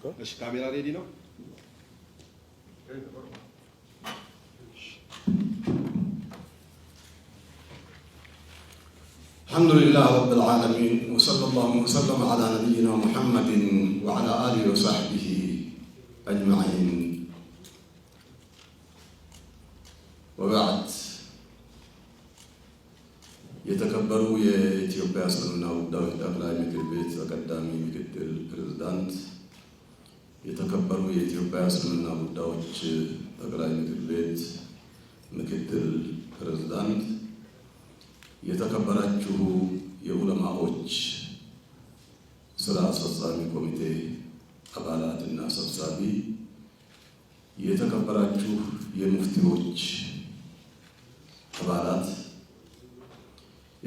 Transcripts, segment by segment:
الحمد لله رب العالمين وصلى الله وسلم على نبينا محمد وعلى اله وصحبه اجمعين وبعد يتكبروا يا اثيوبيا صلى الله عليه وسلم البيت ابراهيم كربيت وقدامي مكتل بريزدانت የተከበሩ የኢትዮጵያ እስልምና ጉዳዮች ጠቅላይ ምክር ቤት ምክትል ፕሬዝዳንት፣ የተከበራችሁ የዑለማዎች ስራ አስፈጻሚ ኮሚቴ አባላት እና ሰብሳቢ፣ የተከበራችሁ የሙፍቲዎች አባላት፣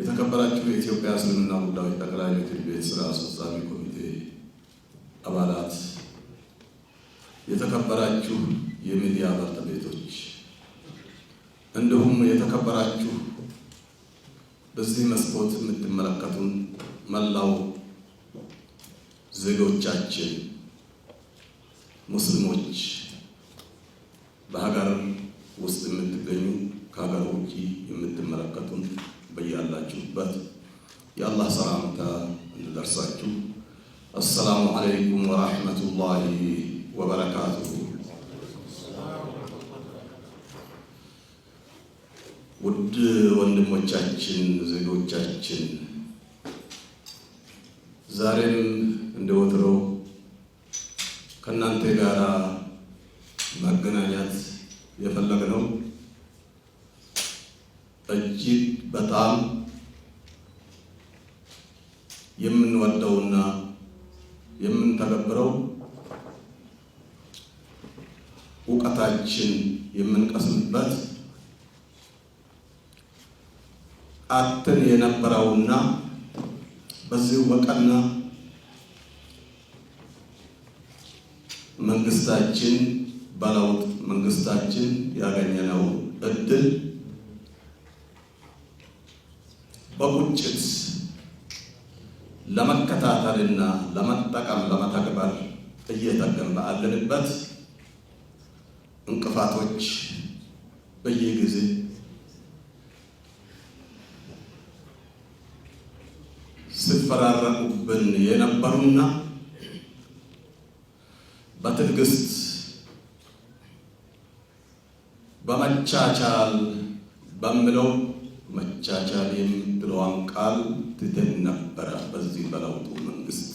የተከበራችሁ የኢትዮጵያ እስልምና ጉዳዮች ጠቅላይ ምክር ቤት ስራ አስፈጻሚ ኮሚቴ አባላት የተከበራችሁ የሚዲያ ባለቤቶች፣ እንዲሁም የተከበራችሁ በዚህ መስኮት የምትመለከቱን መላው ዜጎቻችን ሙስሊሞች፣ በሀገር ውስጥ የምትገኙ ከሀገር ውጭ የምትመለከቱን በያላችሁበት የአላህ ሰላምታ እንድደርሳችሁ አሰላሙ አለይኩም ወራህመቱላሂ ወበረካቱ። ውድ ወንድሞቻችን፣ ዜጎቻችን ዛሬም እንደ ወትሮው ከእናንተ ጋር መገናኘት የፈለግነው እጅግ በጣም የምንወደውና የምንተገብረው እውቀታችን የምንቀስምበት አትን የነበረውና በዚሁ በቀና መንግስታችን በለውጥ መንግስታችን ያገኘነው እድል በቁጭት ለመከታተልና ለመጠቀም ለመተግበር እየተገንባአልንበት እንቅፋቶች በየጊዜ ሲፈራረቁብን የነበሩና በትዕግስት በመቻቻል በምለው መቻቻል የምትለዋን ቃል ትተን ነበረ። በዚህ በለውጡ መንግስት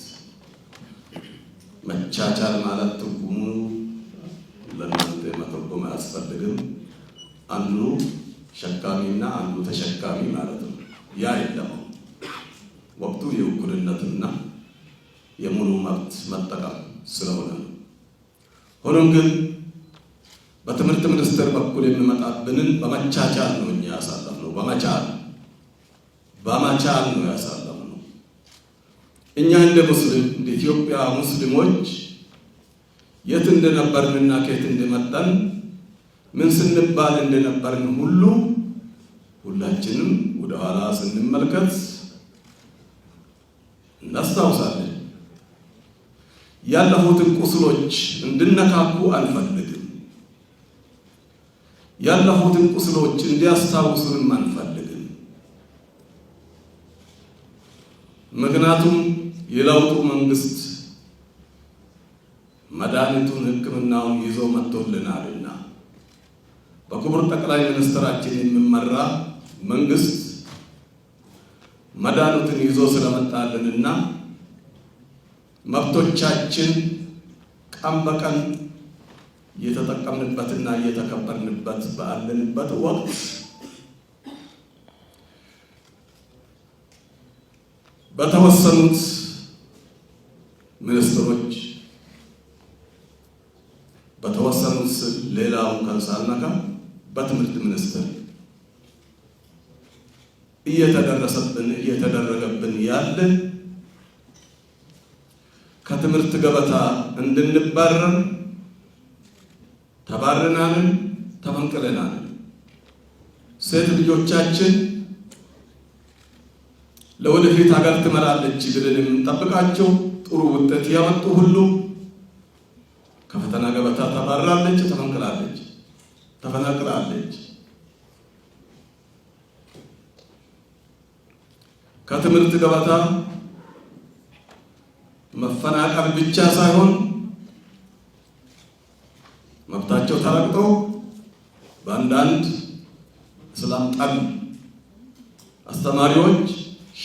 መቻቻል ማለት ትርጉሙ መተርጎም አያስፈልግም። አንዱ ሸካሚና አንዱ ተሸካሚ ማለት ነው። ያ የለም። ወቅቱ የእኩልነትና የሙሉ መብት መጠቀም ስለሆነ ነው። ሆኖም ግን በትምህርት ሚኒስቴር በኩል የሚመጣብንን በመቻቻል ነው እኛ ያሳለፍነው። በመቻል በመቻል ነው ያሳለፍነው እኛ እንደ ሙስሊም እንደ ኢትዮጵያ ሙስሊሞች የት እንደነበርንና ከየት እንደመጣን ምን ስንባል እንደነበርን ሁሉ ሁላችንም ወደ ኋላ ስንመልከት እናስታውሳለን። ያለፉትን ቁስሎች እንድነካኩ አንፈልግም። ያለፉትን ቁስሎች እንዲያስታውሱንም አንፈልግም። ምክንያቱም የለውጡ መንግስት ሕክምናውን ይዞ መጥቶልናልና በክቡር ጠቅላይ ሚኒስትራችን የሚመራ መንግስት መድኃኒቱን ይዞ ስለመጣልንና መብቶቻችን ቀን በቀን እየተጠቀምንበትና እየተከበርንበት ባለንበት ወቅት በተወሰኑት ሳናቀም በትምህርት ሚኒስቴር እየተደረሰብን እየተደረገብን ያለ ከትምህርት ገበታ እንድንባረር ተባረናንን ተፈንቅለናልን። ሴት ልጆቻችን ለወደፊት ሀገር ትመራለች ብለን የምንጠብቃቸው ጥሩ ውጤት ያመጡ ሁሉ ከፈተና ገበታ ከትምህርት ገበታ መፈናቀል ብቻ ሳይሆን መብታቸው ተረግጦ በአንዳንድ እስላም ጠል አስተማሪዎች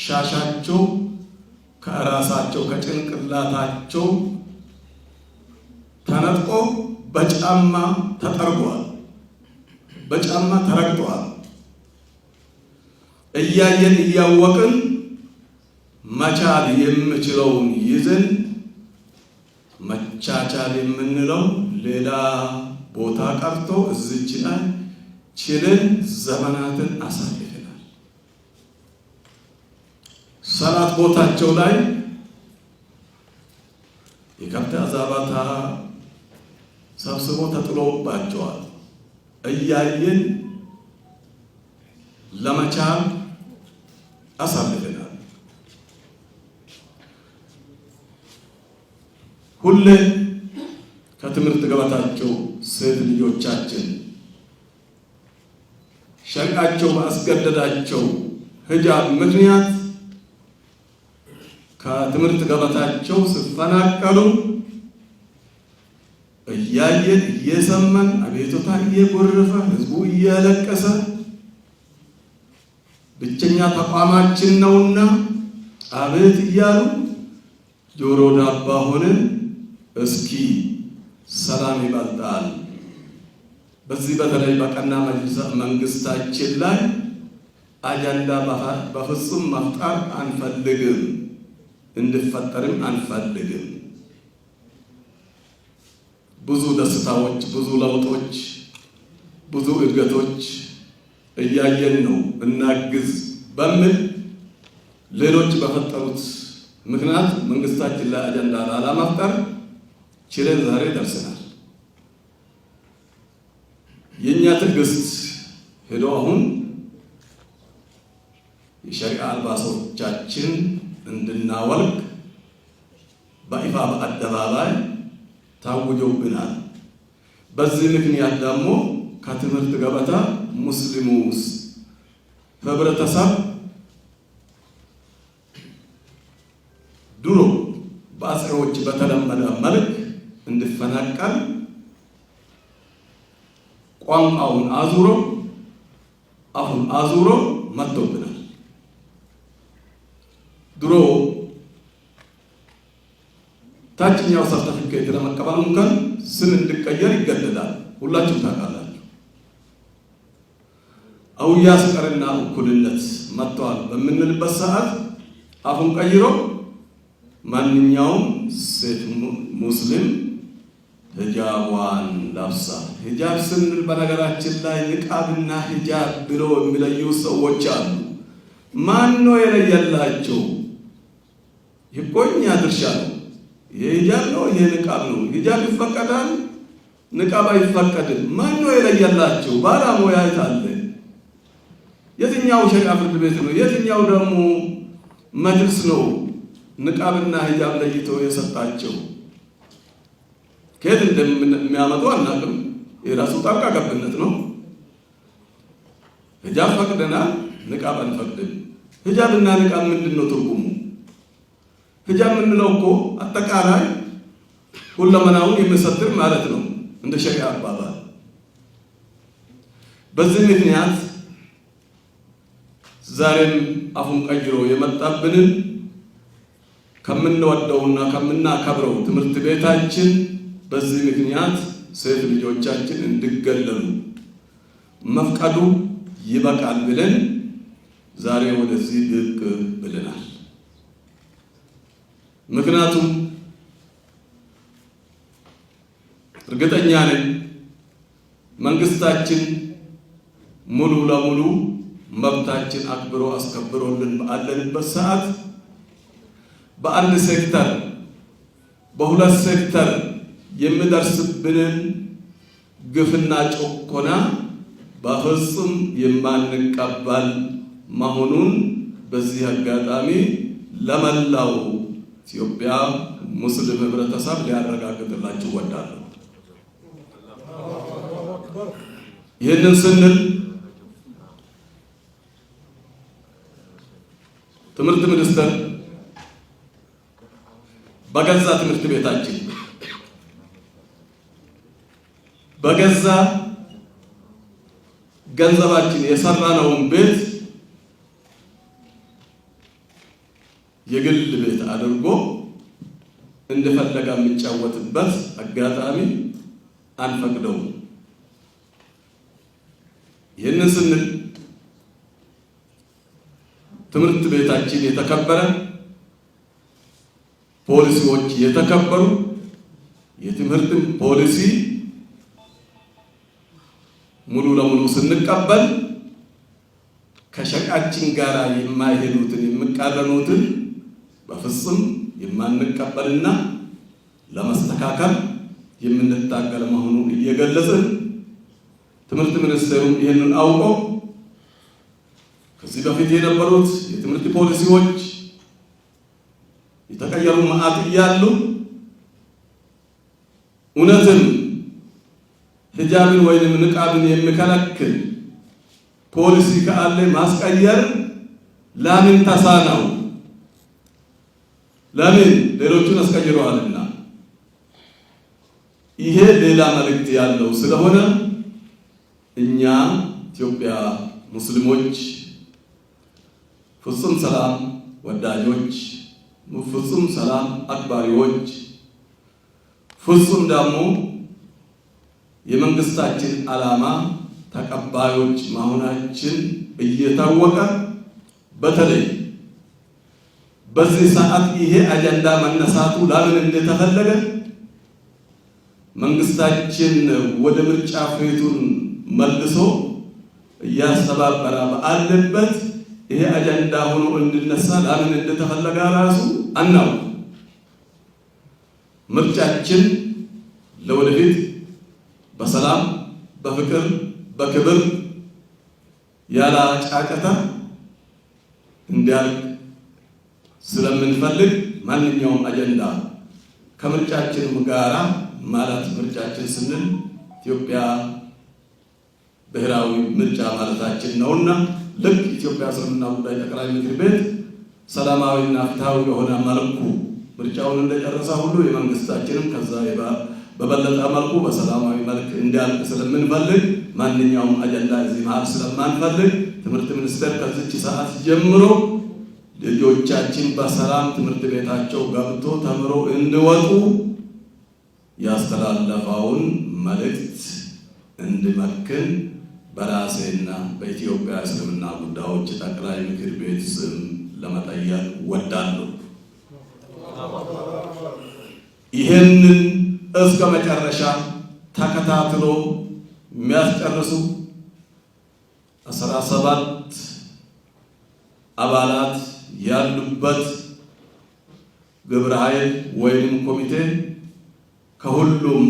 ሻሻቸው ከራሳቸው ከጭንቅላታቸው ተነጥቆ በጫማ ተጠርጓል፣ በጫማ ተረግጧል። እያየን እያወቅን መቻል የምችለውን ይዘን መቻቻል የምንለው ሌላ ቦታ ቀርቶ እዚች ላይ ችልን ዘመናትን አሳልፈናል። ሰላት ቦታቸው ላይ የከብት አዛባታ ሰብስቦ ተጥሎባቸዋል። እያየን ለመቻል አሳልፈናል። ሁሌ ከትምህርት ገበታቸው ሴት ልጆቻችን ሸንቃቸው ባስገደዳቸው ሂጃብ ምክንያት ከትምህርት ገበታቸው ሲፈናቀሉ እያየን እየሰማን አቤቱታ እየጎረፈ ህዝቡ እያለቀሰ ብቸኛ ተቋማችን ነውና አቤት እያሉ ጆሮ ዳባ ሆነን እስኪ ሰላም ይበልጣል። በዚህ በተለይ በቀና መንግስታችን ላይ አጀንዳ በፍጹም መፍጠር አንፈልግም፣ እንድፈጠርም አንፈልግም። ብዙ ደስታዎች፣ ብዙ ለውጦች፣ ብዙ እድገቶች እያየን ነው። እናግዝ በሚል ሌሎች በፈጠሩት ምክንያት መንግስታችን ላይ አጀንዳ ላለመፍጠር ችለን ዛሬ ደርሰናል። የእኛ ትዕግስት ሄዶ አሁን የሸሪዓ አልባሶቻችን እንድናወልቅ በይፋ በአደባባይ ታውጆብናል። በዚህ ምክንያት ደግሞ ከትምህርት ገበታ ሙስሊሙ ህብረተሰብ ድሮ በአጽሬዎች በተለመደ መልክ እንድፈናቀል ቋንቋውን አዙሮ አፉን አዙሮ መጥቶብናል። ድሮ ታችኛው ሰርተፊኬት ለመቀበል እንኳን ስም እንድቀየር ይገደዳል። ሁላችሁም ታውቃላችሁ። አውያ ስቀርና እኩልነት መጥተዋል በምንልበት ሰዓት አፉን ቀይሮ ማንኛውም ሴት ሙስሊም ሂጃቧን ለብሳ ሂጃብ ስንል በነገራችን ላይ ንቃብና ሂጃብ ብለው የሚለዩ ሰዎች አሉ። ማን ነው የለየላቸው? ይቆኛ ድርሻ ነው። የሂጃብ ነው የንቃብ ነው። ሂጃብ ይፈቀዳል፣ ንቃብ አይፈቀድም። ማን ነው የለየላቸው? ባለሙያ የት አለ? የትኛው ሸሪዓ ፍርድ ቤት ነው? የትኛው ደግሞ መድርስ ነው? ንቃብና ሂጃብ ለይተው የሰጣቸው ከየት እንደሚያመጡ አናውቅም። የራሱ ጣልቃ ገብነት ነው። ሂጃብ ፈቅደናል፣ ንቃብ አንፈቅድም። እና ንቃብ ምንድን ነው ትርጉሙ? ሂጃብ የምንለው እኮ አጠቃላይ ሁለመናውን የሚሰትር ማለት ነው እንደ ሸሪዓ አባባል። በዚህ ምክንያት ዛሬም አፉን ቀይሮ የመጣብንን ከምንወደውና ከምናከብረው ትምህርት ቤታችን በዚህ ምክንያት ሴት ልጆቻችን እንዲገለሉ መፍቀዱ ይበቃል ብለን ዛሬ ወደዚህ ብቅ ብለናል። ምክንያቱም እርግጠኛ ነኝ መንግስታችን ሙሉ ለሙሉ መብታችን አክብሮ አስከብሮልን ባለንበት ሰዓት በአንድ ሴክተር በሁለት ሴክተር የምደርስብንን ግፍና ጭቆና በፍጹም የማንቀበል መሆኑን በዚህ አጋጣሚ ለመላው ኢትዮጵያ ሙስሊም ህብረተሰብ ሊያረጋግጥላችሁ እወዳለሁ። ይህንን ስንል ትምህርት ሚኒስቴር በገዛ ትምህርት ቤታችን በገዛ ገንዘባችን የሰራነውን ቤት የግል ቤት አድርጎ እንደፈለጋ የሚጫወትበት አጋጣሚ አንፈቅደውም። ይህንን ስንል ትምህርት ቤታችን የተከበረ፣ ፖሊሲዎች የተከበሩ የትምህርትን ፖሊሲ ሙሉ ለሙሉ ስንቀበል ከሸቃችን ጋር የማይሄዱትን የሚቃረኑትን በፍጹም የማንቀበልና ለመስተካከል የምንታገል መሆኑን እየገለጽን ትምህርት ሚኒስቴሩም ይህንን አውቆ ከዚህ በፊት የነበሩት የትምህርት ፖሊሲዎች የተቀየሩ መዓት እያሉ እውነትን ሂጃብን ወይንም ንቃብን የሚከለክል ፖሊሲ ካለ ማስቀየር ለምን ተሳነው? ለምን ሌሎቹን አስቀይረዋልና። ይሄ ሌላ መልእክት ያለው ስለሆነ እኛ ኢትዮጵያ ሙስሊሞች ፍጹም ሰላም ወዳጆች፣ ፍጹም ሰላም አክባሪዎች፣ ፍጹም ደግሞ የመንግስታችን ዓላማ ተቀባዮች መሆናችን እየታወቀ በተለይ በዚህ ሰዓት ይሄ አጀንዳ መነሳቱ ለምን እንደተፈለገ መንግስታችን ወደ ምርጫ ፊቱን መልሶ እያስተባበረ ባለበት ይሄ አጀንዳ ሆኖ እንድነሳ ለምን እንደተፈለገ ራሱ አናውቅ። ምርጫችን ለወደፊት በሰላም በፍቅር በክብር ያለ ጫቀታ እንዲያልቅ ስለምንፈልግ ማንኛውም አጀንዳ ከምርጫችንም ጋራ ማለት ምርጫችን ስንል ኢትዮጵያ ብሔራዊ ምርጫ ማለታችን ነውና ልክ ኢትዮጵያ እስልምና ጉዳይ ጠቅላይ ምክር ቤት ሰላማዊና ፍትሐዊ የሆነ መልኩ ምርጫውን እንደጨረሰ ሁሉ የመንግስታችንም ከዛ በበለጠ መልኩ በሰላማዊ መልክ እንዲያልቅ ስለምንፈልግ ማንኛውም አጀንዳ እዚህ መሀል ስለማንፈልግ ትምህርት ሚኒስቴር ከዚች ሰዓት ጀምሮ ልጆቻችን በሰላም ትምህርት ቤታቸው ገብቶ ተምሮ እንዲወጡ ያስተላለፈውን መልእክት እንድመክን በራሴና በኢትዮጵያ እስልምና ጉዳዮች ጠቅላይ ምክር ቤት ስም ለመጠየቅ ወዳለሁ። ይህንን እስከ መጨረሻ ተከታትሎ የሚያስጨርሱ አስራ ሰባት አባላት ያሉበት ግብረ ኃይል ወይም ኮሚቴ ከሁሉም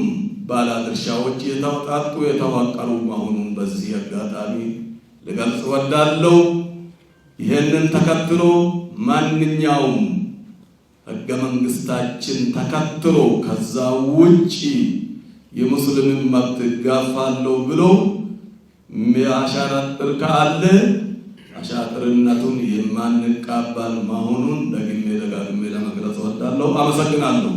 ባለድርሻዎች የተውጣጡ የተዋቀሩ መሆኑን በዚህ አጋጣሚ ልገልጽ ወዳለው። ይህንን ተከትሎ ማንኛውም ህገ መንግስታችን ተከትሎ ከዛ ውጪ የሙስሊምን መብት እጋፋለሁ ብሎ የሚያሻጥር ካለ አሻጥርነቱን የማንቀበል መሆኑን ደግሜ ደጋግሜ ለመግለጽ እወዳለሁ። አመሰግናለሁ።